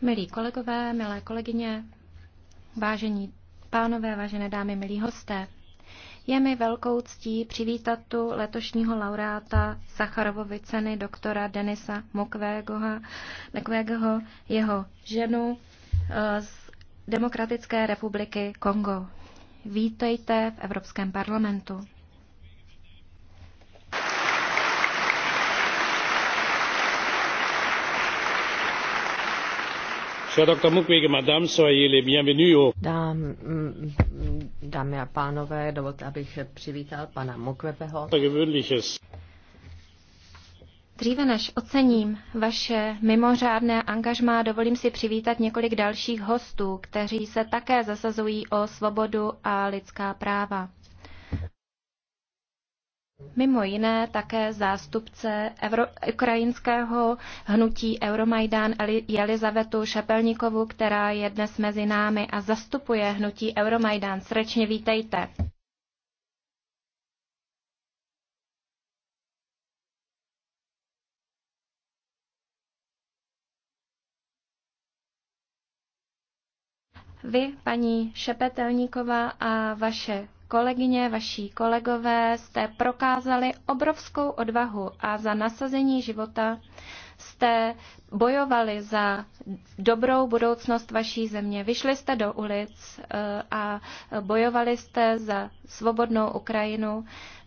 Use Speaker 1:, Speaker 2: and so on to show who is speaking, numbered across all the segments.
Speaker 1: Milí kolegové, milé kolegyně, vážení pánové, vážené dámy, milí hosté, je mi velkou ctí přivítat tu letošního laureáta Sacharovovy ceny doktora Denisa Mukwegeho, jeho ženu eh, z Demokratické republiky Kongo. Vítejte v Evropském parlamentu.
Speaker 2: Mm, dámy a pánové, dovolte, abych přivítal pana Mukwebeho.
Speaker 1: Dříve než ocením vaše mimořádné angažmá, dovolím si přivítat několik dalších hostů, kteří se také zasazují o svobodu a lidská práva. Mimo jiné také zástupce Evro- ukrajinského hnutí Euromajdan Jelizavetu Šepelníkovu, která je dnes mezi námi a zastupuje hnutí Euromajdan. Srdečně vítejte. Vy, paní Šepetelníková a vaše kolegyně, vaší kolegové jste prokázali obrovskou odvahu a za nasazení života jste bojovali za dobrou budoucnost vaší země. Vyšli jste do ulic eh, a bojovali jste za svobodnou Ukrajinu.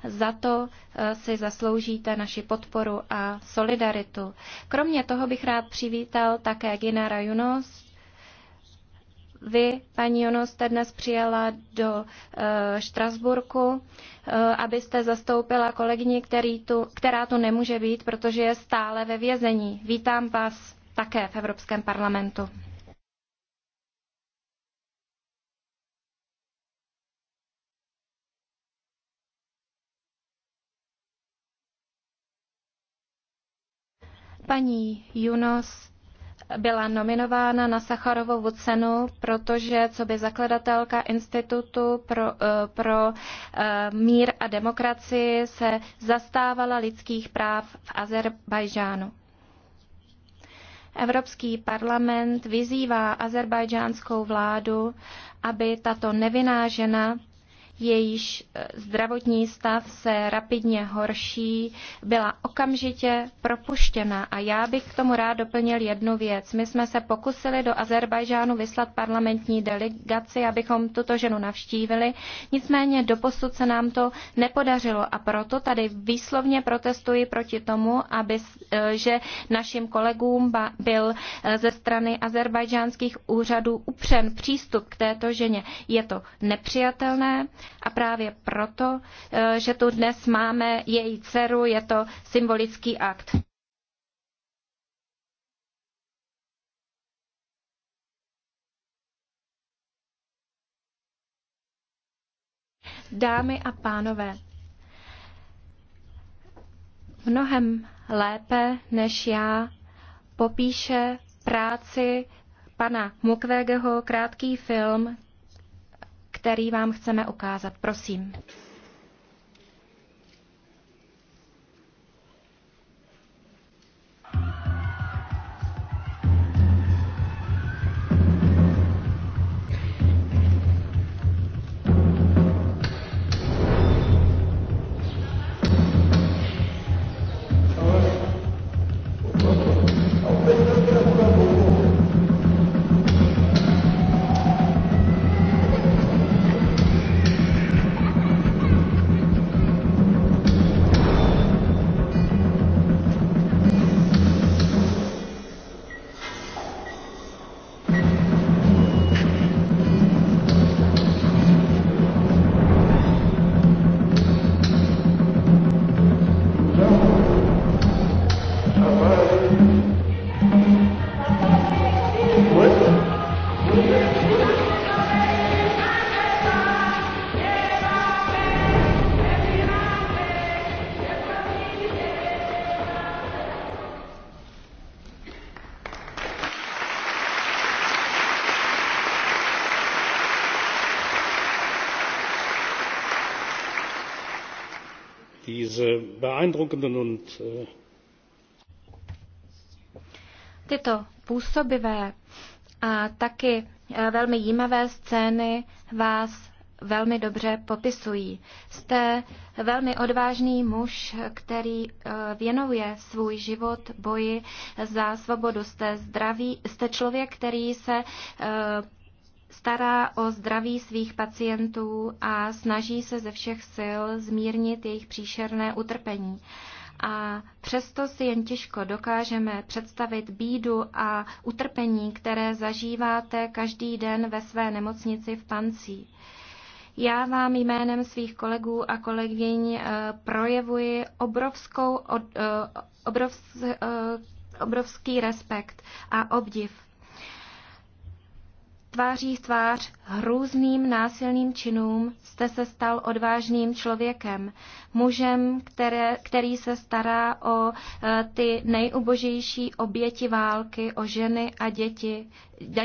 Speaker 1: Za to eh, si zasloužíte naši podporu a solidaritu. Kromě toho bych rád přivítal také Ginara Junos, vy, paní Jono, jste dnes přijela do uh, Štrasburku, uh, abyste zastoupila kolegyni, který tu, která tu nemůže být, protože je stále ve vězení. Vítám vás také v Evropském parlamentu. Paní Junos byla nominována na Sacharovovu cenu, protože co by zakladatelka Institutu pro, eh, pro eh, mír a demokracii se zastávala lidských práv v Azerbajžánu. Evropský parlament vyzývá azerbajdžánskou vládu, aby tato nevinná žena jejíž eh, zdravotní stav se rapidně horší, byla okamžitě propuštěna. A já bych k tomu rád doplnil jednu věc. My jsme se pokusili do Azerbajžánu vyslat parlamentní delegaci, abychom tuto ženu navštívili. Nicméně doposud se nám to nepodařilo a proto tady výslovně protestuji proti tomu, aby, eh, že našim kolegům byl eh, ze strany azerbajžánských úřadů upřen přístup k této ženě. Je to nepřijatelné, a právě proto, eh, že tu dnes máme její dceru, je to symbolický akt. Dámy a pánové, mnohem lépe než já popíše práci pana Mukwegeho krátký film který vám chceme ukázat. Prosím. diese beeindruckenden und äh, Tyto působivé a taky e, velmi jímavé scény vás velmi dobře popisují. Jste velmi odvážný muž, který e, věnuje svůj život boji za svobodu. Jste zdravý, jste člověk, který se e, stará o zdraví svých pacientů a snaží se ze všech sil zmírnit jejich příšerné utrpení. A přesto si jen těžko dokážeme představit bídu a utrpení, které zažíváte každý den ve své nemocnici v Pancí. Já vám jménem svých kolegů a kolegyň eh, projevuji obrovskou, eh, eh, obrovský respekt a obdiv Tváří v tvář hrůzným násilným činům jste se stal odvážným člověkem, mužem, které, který se stará o e, ty nejubožejší oběti války, o ženy a děti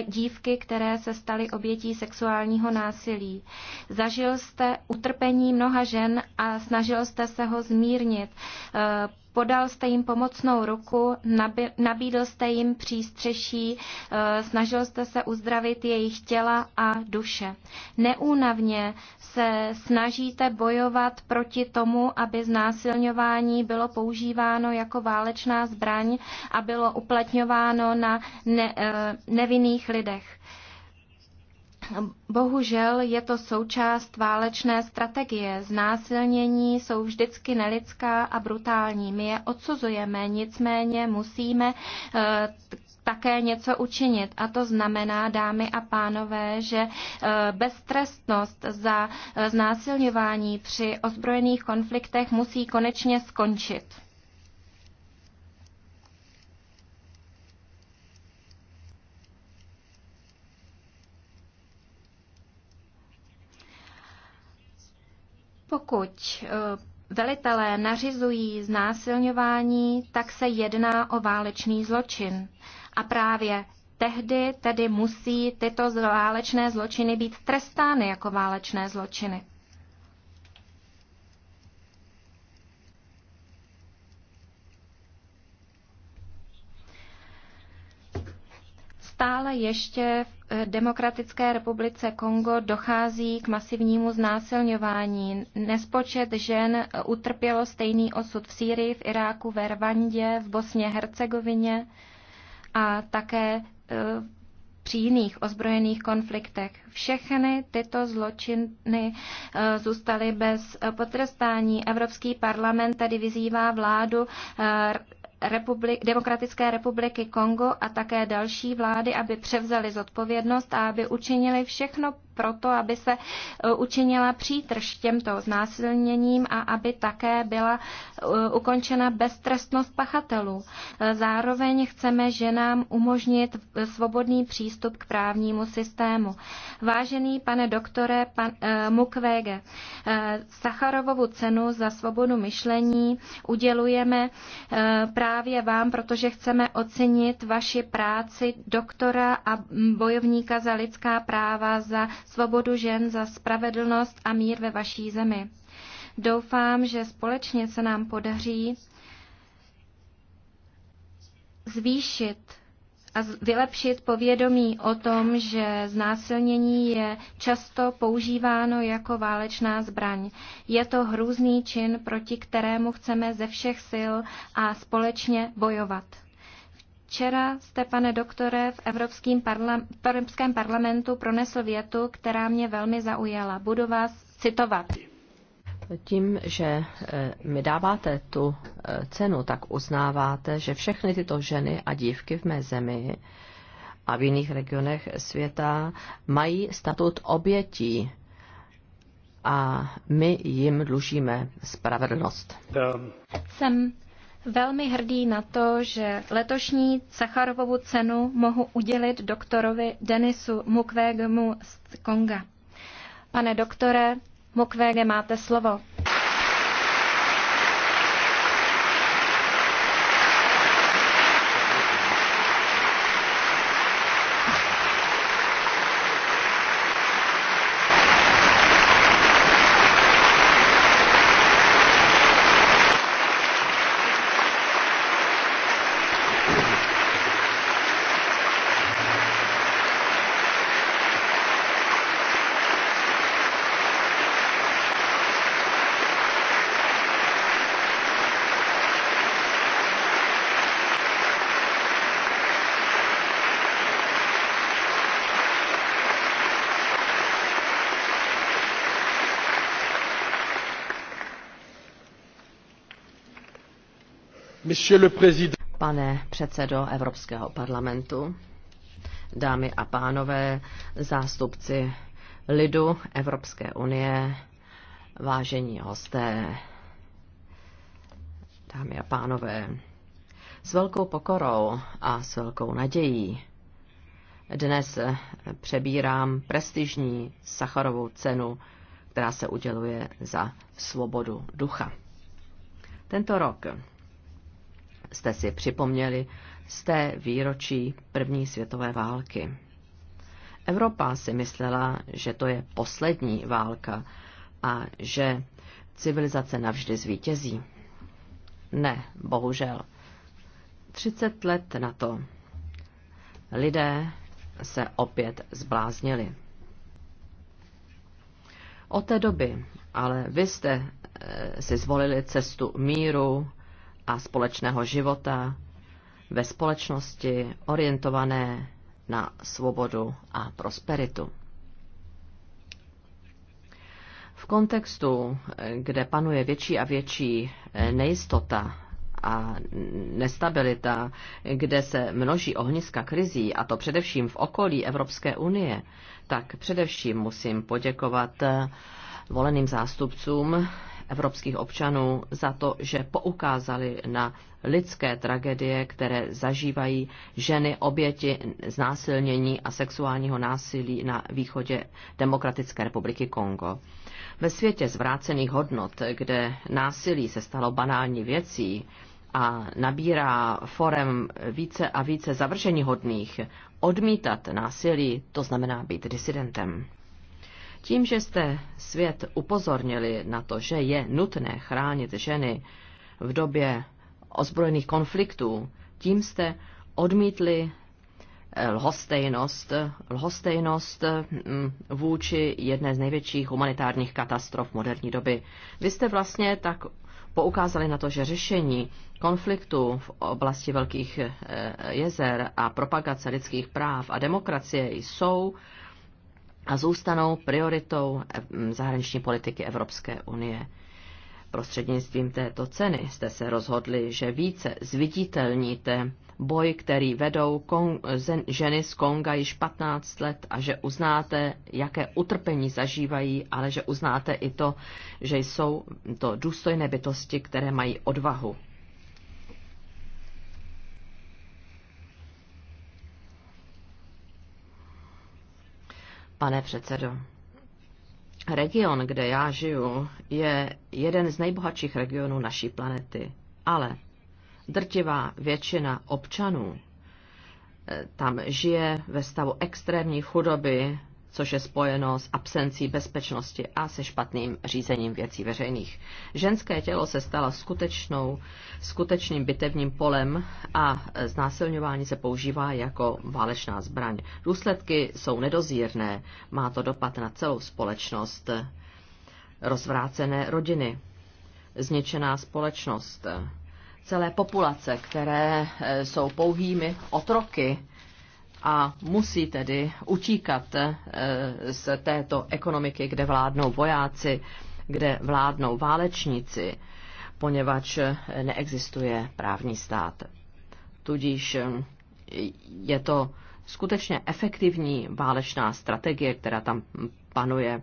Speaker 1: dívky, které se staly obětí sexuálního násilí. Zažil jste utrpení mnoha žen a snažil jste se ho zmírnit. Eh, podal jste jim pomocnou ruku, nabídl jste jim přístřeší, eh, snažil jste se uzdravit jejich těla a duše. Neúnavně se snažíte bojovat proti tomu, aby znásilňování bylo používáno jako válečná zbraň a bylo uplatňováno na eh, nevinný jiných lidech. Bohužel je to součást válečné strategie. Znásilnění jsou vždycky nelidská a brutální. My je odsuzujeme, nicméně musíme eh, také něco učinit. A to znamená, dámy a pánové, že eh, beztrestnost za eh, znásilňování při ozbrojených konfliktech musí konečně skončit. Pokud eh, velitelé nařizují znásilňování, tak se jedná o válečný zločin. A právě tehdy tedy musí tyto válečné zločiny být trestány jako válečné zločiny. Stále ještě v eh, Demokratické republice Kongo dochází k masivnímu znásilňování. Nespočet žen eh, utrpělo stejný osud v Sýrii, v Iráku, ve Rwandě, v Bosně, Hercegovině a také eh, při jiných ozbrojených konfliktech. Všechny tyto zločiny zůstaly bez potrestání. Evropský parlament tedy vyzývá vládu republik, Demokratické republiky Kongo a také další vlády, aby převzali zodpovědnost a aby učinili všechno proto, aby se e, učinila přítrž těmto znásilněním a aby také byla e, ukončena beztrestnost pachatelů. E, zároveň chceme ženám umožnit svobodný přístup k právnímu systému. Vážený pane doktore pan, eh, Mukwege, eh, Sacharovovu cenu za svobodu myšlení udělujeme eh, právě vám, protože chceme ocenit vaši práci doktora a bojovníka za lidská práva, za svobodu žen, za spravedlnost a mír ve vaší zemi. Doufám, že společně se nám podaří zvýšit a vylepšit povědomí o tom, že znásilnění je často používáno jako válečná zbraň. Je to hrůzný čin, proti kterému chceme ze všech sil a společně bojovat. Včera jste, pane doktore, v Evropském parla- Evropském parlamentu pronesl větu, která mě velmi zaujala. Budu vás citovat.
Speaker 2: Tím, že e, mi dáváte tu e, cenu, tak uznáváte, že všechny tyto ženy a dívky v mé zemi a v jiných regionech světa mají statut obětí a my jim dlužíme spravedlnost.
Speaker 1: Jsem velmi hrdý na to, že letošní Sacharovovu cenu mohu udělit doktorovi Denisu Mukwegemu z Konga. Pane doktore, Mukwege, máte slovo.
Speaker 2: Pane předsedo Evropského parlamentu, dámy a pánové, zástupci lidu Evropské unie, vážení hosté, dámy a pánové, s velkou pokorou a s velkou nadějí dnes přebírám prestižní Sacharovou cenu, která se uděluje za svobodu ducha. Tento rok jste si připomněli z té výročí první světové války. Evropa si myslela, že to je poslední válka a že civilizace navždy zvítězí. Ne, bohužel. 30 let na to lidé se opět zbláznili. Od té doby ale vy jste eh, si zvolili cestu míru, a společného života ve společnosti orientované na svobodu a prosperitu. V kontextu, kde panuje větší a větší nejistota a nestabilita, kde se množí ohniska krizí, a to především v okolí Evropské unie, tak především musím poděkovat voleným zástupcům evropských občanů za to, že poukázali na lidské tragédie, které zažívají ženy oběti znásilnění a sexuálního násilí na východě Demokratické republiky Kongo. Ve světě zvrácených hodnot, kde násilí se stalo banální věcí, a nabírá forem více a více zavržení hodných. Odmítat násilí, to znamená být disidentem. Tím, že jste svět upozornili na to, že je nutné chránit ženy v době ozbrojených konfliktů, tím jste odmítli eh, lhostejnost, lhostejnost mm, vůči jedné z největších humanitárních katastrof moderní doby. Vy jste vlastně tak poukázali na to, že řešení konfliktu v oblasti velkých eh, jezer a propagace lidských práv a demokracie jsou a zůstanou prioritou zahraniční politiky Evropské unie. Prostřednictvím této ceny jste se rozhodli, že více zviditelníte boj, který vedou ženy z Konga již 15 let a že uznáte, jaké utrpení zažívají, ale že uznáte i to, že jsou to důstojné bytosti, které mají odvahu. pane předsedo. Region, kde já žiju, je jeden z nejbohatších regionů naší planety, ale drtivá většina občanů eh, tam žije ve stavu extrémní chudoby, což je spojeno s absencí bezpečnosti a se špatným řízením věcí veřejných. Ženské tělo se stalo skutečnou, skutečným bitevním polem a znásilňování se používá jako válečná zbraň. Důsledky jsou nedozírné, má to dopad na celou společnost, rozvrácené rodiny, zničená společnost, celé populace, které eh, jsou pouhými otroky, a musí tedy utíkat eh, z této ekonomiky, kde vládnou vojáci, kde vládnou válečníci, poněvadž eh, neexistuje právní stát. Tudíž eh, je to skutečně efektivní válečná strategie, která tam panuje.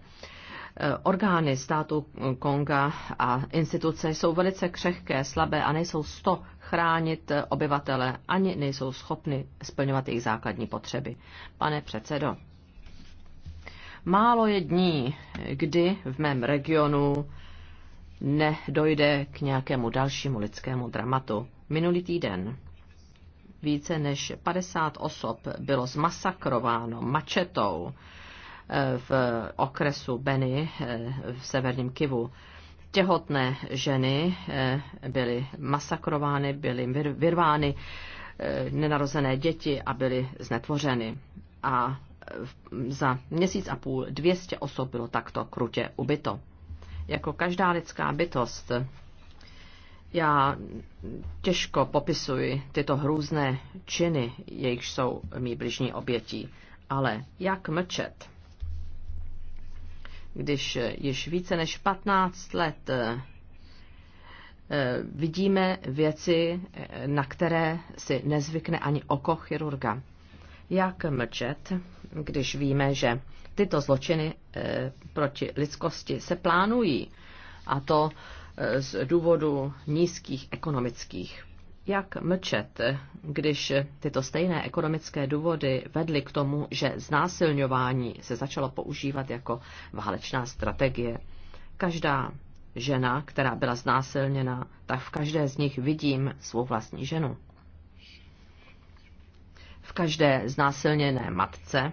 Speaker 2: Eh, orgány státu Konga a instituce jsou velice křehké, slabé a nejsou sto chránit eh, obyvatele, ani nejsou schopny splňovat jejich základní potřeby. Pane předsedo, málo je dní, kdy v mém regionu nedojde k nějakému dalšímu lidskému dramatu. Minulý týden více než 50 osob bylo zmasakrováno mačetou v okresu Beny eh, v severním Kivu. Těhotné ženy eh, byly masakrovány, byly vyrvány eh, nenarozené děti a byly znetvořeny. A za měsíc a půl 200 osob bylo takto krutě ubyto. Jako každá lidská bytost, já těžko popisuji tyto hrůzné činy, jejichž jsou mý bližní obětí, ale jak mlčet? když již více než 15 let eh, eh, vidíme věci, eh, na které si nezvykne ani oko chirurga. Jak mlčet, když víme, že tyto zločiny proti lidskosti se plánují, a to z důvodu nízkých ekonomických jak mlčet, když tyto stejné ekonomické důvody vedly k tomu, že znásilňování se začalo používat jako válečná strategie. Každá žena, která byla znásilněna, tak v každé z nich vidím svou vlastní ženu. V každé znásilněné matce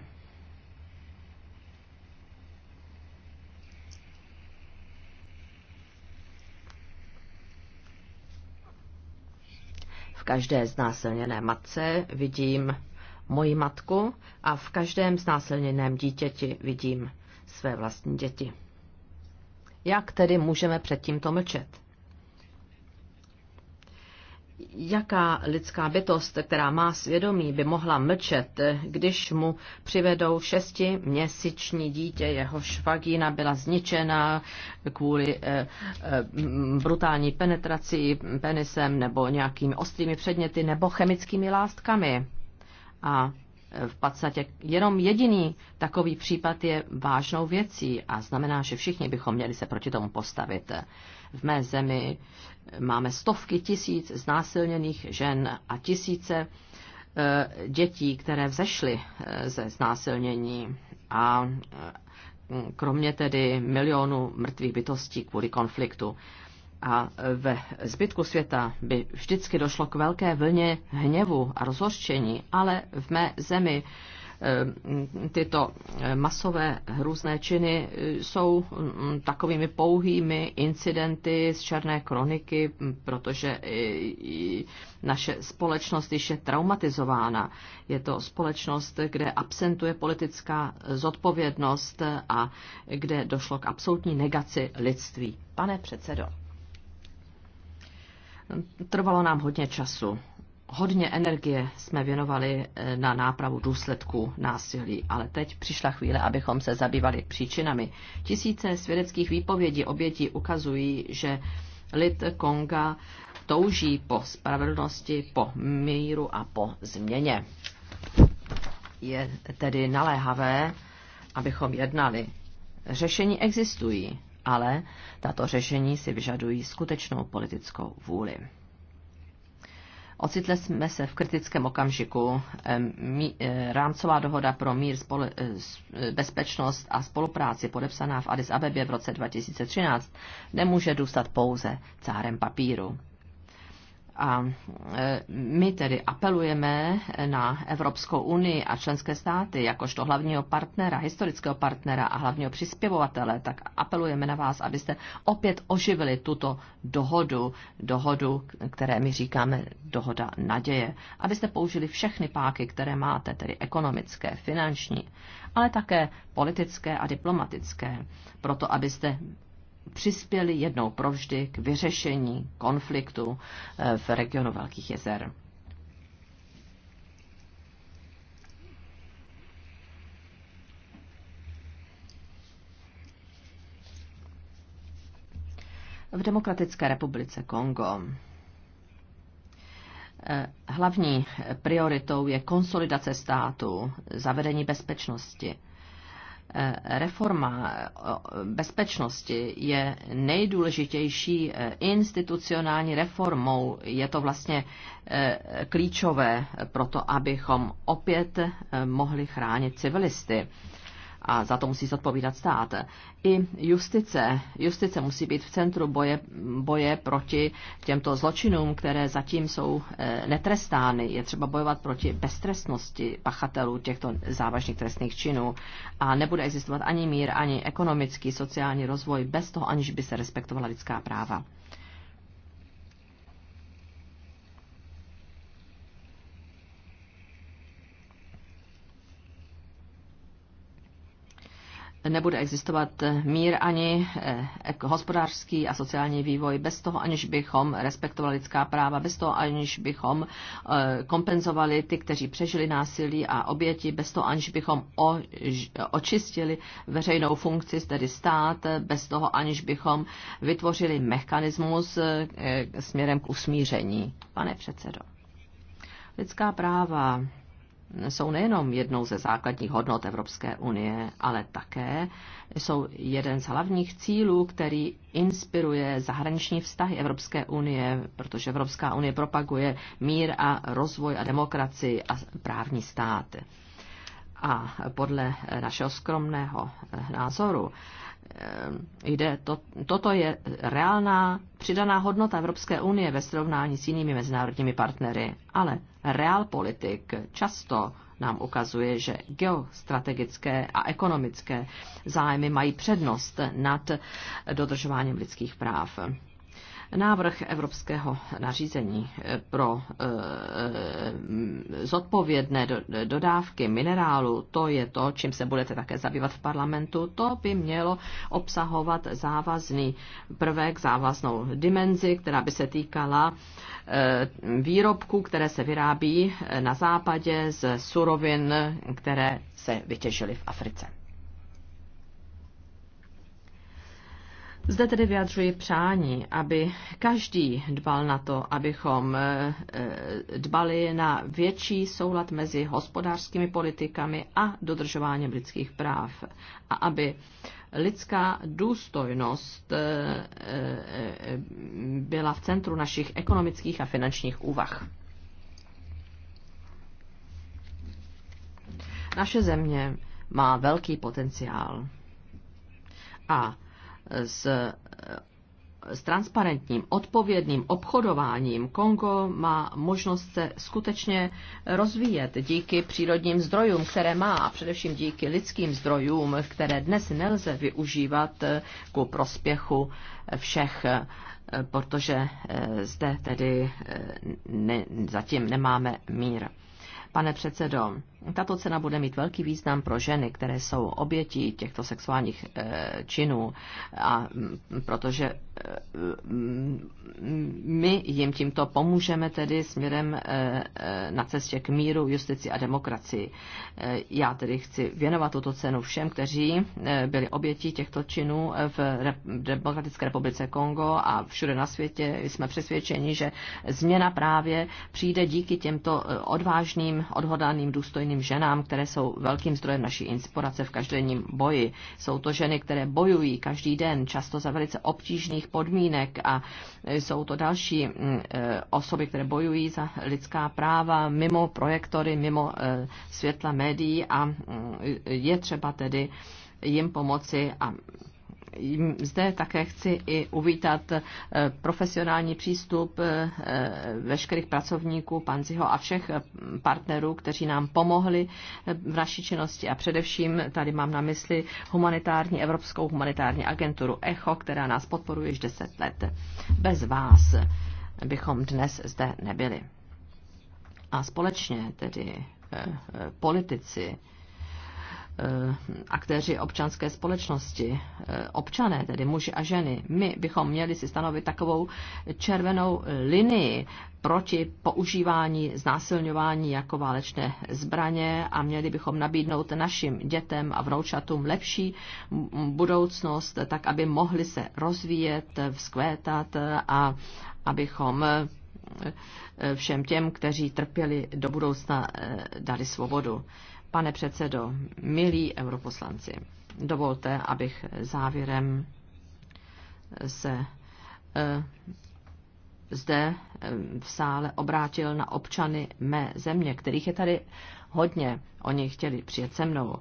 Speaker 2: V každé znásilněné matce vidím moji matku a v každém znásilněném dítěti vidím své vlastní děti. Jak tedy můžeme předtím to mlčet? jaká lidská bytost, která má svědomí, by mohla mlčet, když mu přivedou šestiměsíční dítě, jeho švagína byla zničena kvůli eh, eh, brutální penetraci penisem nebo nějakými ostrými předměty nebo chemickými látkami. A eh, v podstatě jenom jediný takový případ je vážnou věcí a znamená, že všichni bychom měli se proti tomu postavit. V mé zemi máme stovky tisíc znásilněných žen a tisíce eh, dětí, které vzešly eh, ze znásilnění a eh, kromě tedy milionů mrtvých bytostí kvůli konfliktu. A ve zbytku světa by vždycky došlo k velké vlně hněvu a rozhořčení, ale v mé zemi Ehm, tyto eh, masové hrůzné činy eh, jsou mm, takovými pouhými incidenty z černé kroniky, hm, protože eh, naše společnost již je traumatizována. Je to společnost, kde absentuje politická zodpovědnost a kde došlo k absolutní negaci lidství. Pane předsedo, trvalo nám hodně času hodně energie jsme věnovali eh, na nápravu důsledků násilí, ale teď přišla chvíle, abychom se zabývali příčinami. Tisíce svědeckých výpovědí obětí ukazují, že lid Konga touží po spravedlnosti, po míru a po změně. Je tedy naléhavé, abychom jednali. Řešení existují, ale tato řešení si vyžadují skutečnou politickou vůli. Ocitli jsme se v kritickém okamžiku. Eh, rámcová dohoda pro mír, spole, eh, eh, bezpečnost a spolupráci podepsaná v Addis Abebě v roce 2013 nemůže důstat pouze cárem papíru. A e, my tedy apelujeme na Evropskou unii a členské státy jakožto hlavního partnera, historického partnera a hlavního přispěvovatele, tak apelujeme na vás, abyste opět oživili tuto dohodu, dohodu, které my říkáme dohoda naděje. Abyste použili všechny páky, které máte, tedy ekonomické, finanční, ale také politické a diplomatické, proto abyste přispěli jednou provždy k vyřešení konfliktu eh, v regionu Velkých jezer. v Demokratické republice Kongo. Eh, hlavní prioritou je konsolidace státu, zavedení bezpečnosti. Eh, reforma eh, bezpečnosti je nejdůležitější eh, institucionální reformou. Je to vlastně klíčové pro to, abychom opět mohli chránit civilisty a za to musí zodpovídat stát. I justice, justice musí být v centru boje, boje proti těmto zločinům, které zatím jsou eh, netrestány. Je třeba bojovat proti beztrestnosti pachatelů těchto závažných trestných činů a nebude existovat ani mír, ani ekonomický, sociální rozvoj bez toho, aniž by se respektovala lidská práva. nebude existovat mír ani eh, hospodářský a sociální vývoj bez toho, aniž bychom respektovali lidská práva, bez toho, aniž bychom eh, kompenzovali ty, kteří přežili násilí a oběti, bez toho, aniž bychom očistili veřejnou funkci, tedy stát, bez toho, aniž bychom vytvořili mechanismus eh, směrem k usmíření. Pane předsedo. Lidská práva jsou nejenom jednou ze základních hodnot Evropské unie, ale také jsou jeden z hlavních cílů, který inspiruje zahraniční vztahy Evropské unie, protože Evropská unie propaguje mír a rozvoj a demokracii a právní stát. A podle našeho skromného eh, názoru eh, jde to, toto je reálná přidaná hodnota Evropské unie ve srovnání s jinými mezinárodními partnery. Ale realpolitik často nám ukazuje, že geostrategické a ekonomické zájmy mají přednost nad dodržováním lidských práv. Návrh evropského nařízení pro eh, zodpovědné dodávky minerálu, to je to, čím se budete také zabývat v parlamentu, to by mělo obsahovat závazný prvek, závaznou dimenzi, která by se týkala eh, výrobků, které se vyrábí na západě z surovin, které se vytěžily v Africe. Zde tedy vyjadřuji přání, aby každý dbal na to, abychom eh, eh, dbali na větší soulad mezi hospodářskými politikami a dodržováním lidských práv a aby lidská důstojnost eh, byla v centru našich ekonomických a finančních úvah. Naše země má velký potenciál a s s transparentním, odpovědným obchodováním Kongo má možnost se skutečně rozvíjet díky přírodním zdrojům, které má a především díky lidským zdrojům, které dnes nelze využívat eh, ku prospěchu eh, všech, eh, protože zde tedy ne, zatím nemáme mír. Pane předsedo, tato cena bude mít velký význam pro ženy, které jsou obětí těchto sexuálních eh, činů, a mm, protože eh, mm, my jim tímto pomůžeme tedy směrem eh, na cestě k míru, justici a demokracii. Já tedy chci věnovat tuto cenu všem, kteří byli obětí těchto činů v Demokratické republice Kongo a všude na světě. Jsme přesvědčeni, že změna právě přijde díky těmto odvážným, odhodlaným, důstojným zranitelným ženám, které jsou velkým zdrojem naší inspirace v každodenním boji. Jsou to ženy, které bojují každý den, často za velice obtížných podmínek a jsou to další mm, eh, osoby, které bojují za lidská práva mimo projektory, mimo eh, světla médií a mm, je třeba tedy jim pomoci a zde také chci i uvítat eh, profesionální přístup eh, eh, veškerých pracovníků Panziho a všech partnerů, kteří nám pomohli v naší činnosti a především tady mám na mysli humanitární, Evropskou humanitární agenturu ECHO, která nás podporuje již 10 let. Bez vás bychom dnes zde nebyli. A společně tedy politici, Eh, aktéři občanské společnosti, eh, občané, tedy muži a ženy. My bychom měli si stanovit takovou červenou linii proti používání znásilňování jako válečné zbraně a měli bychom nabídnout našim dětem a vnoučatům lepší budoucnost, tak aby mohli se rozvíjet, vzkvétat a abychom eh, všem těm, kteří trpěli do budoucna, dali svobodu. Pane předsedo, milí europoslanci, dovolte, abych závěrem se eh, zde eh, v sále obrátil na občany mé země, kterých je tady hodně. Oni chtěli přijet se mnou.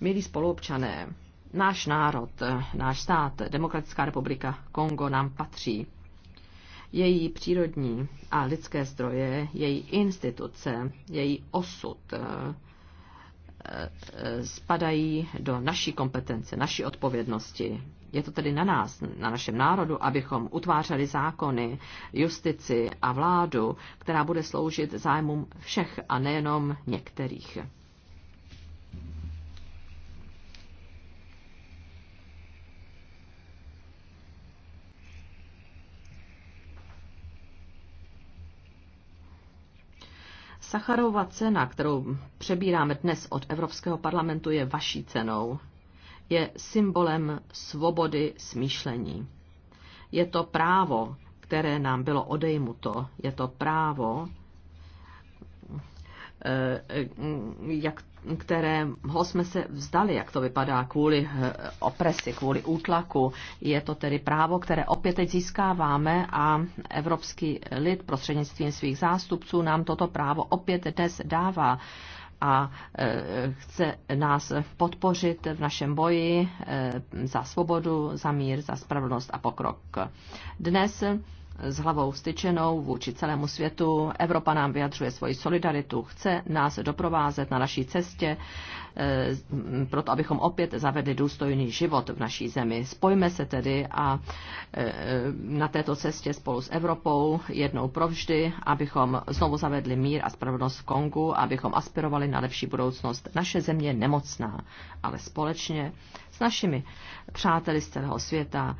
Speaker 2: Milí spoluobčané, náš národ, eh, náš stát, Demokratická republika Kongo nám patří. Její přírodní a lidské zdroje, její instituce, její osud, spadají do naší kompetence, naší odpovědnosti. Je to tedy na nás, na našem národu, abychom utvářeli zákony, justici a vládu, která bude sloužit zájmům všech a nejenom některých. Sacharova cena, kterou přebíráme dnes od Evropského parlamentu, je vaší cenou. Je symbolem svobody smýšlení. Je to právo, které nám bylo odejmuto. Je to právo, eh, jak kterého jsme se vzdali, jak to vypadá, kvůli eh, opresi, kvůli útlaku. Je to tedy právo, které opět teď získáváme a evropský lid prostřednictvím svých zástupců nám toto právo opět dnes dává a eh, chce nás podpořit v našem boji eh, za svobodu, za mír, za spravedlnost a pokrok. Dnes s hlavou styčenou vůči celému světu. Evropa nám vyjadřuje svoji solidaritu, chce nás doprovázet na naší cestě, eh, proto abychom opět zavedli důstojný život v naší zemi. Spojme se tedy a eh, na této cestě spolu s Evropou jednou provždy, abychom znovu zavedli mír a spravedlnost v Kongu, abychom aspirovali na lepší budoucnost. Naše země je nemocná, ale společně s našimi přáteli z celého světa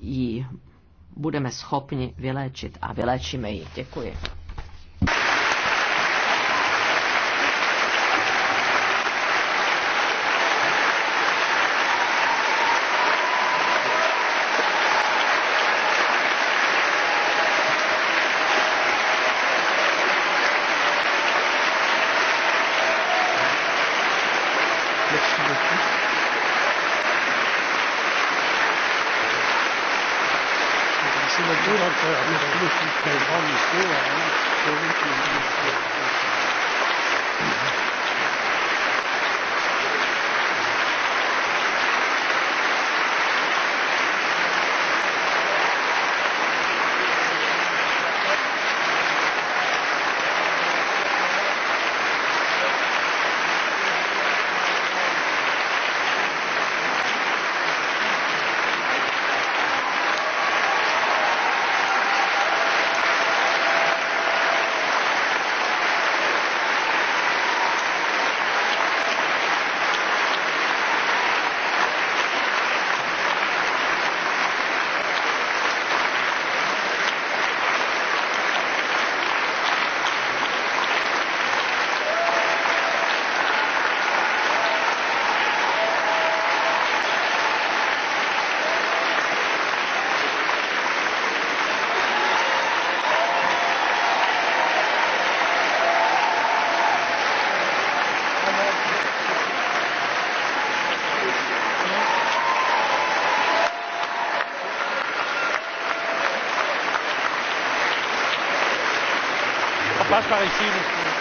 Speaker 2: ji budeme schopni vyléčit a vyléčíme ji. Děkuji. parité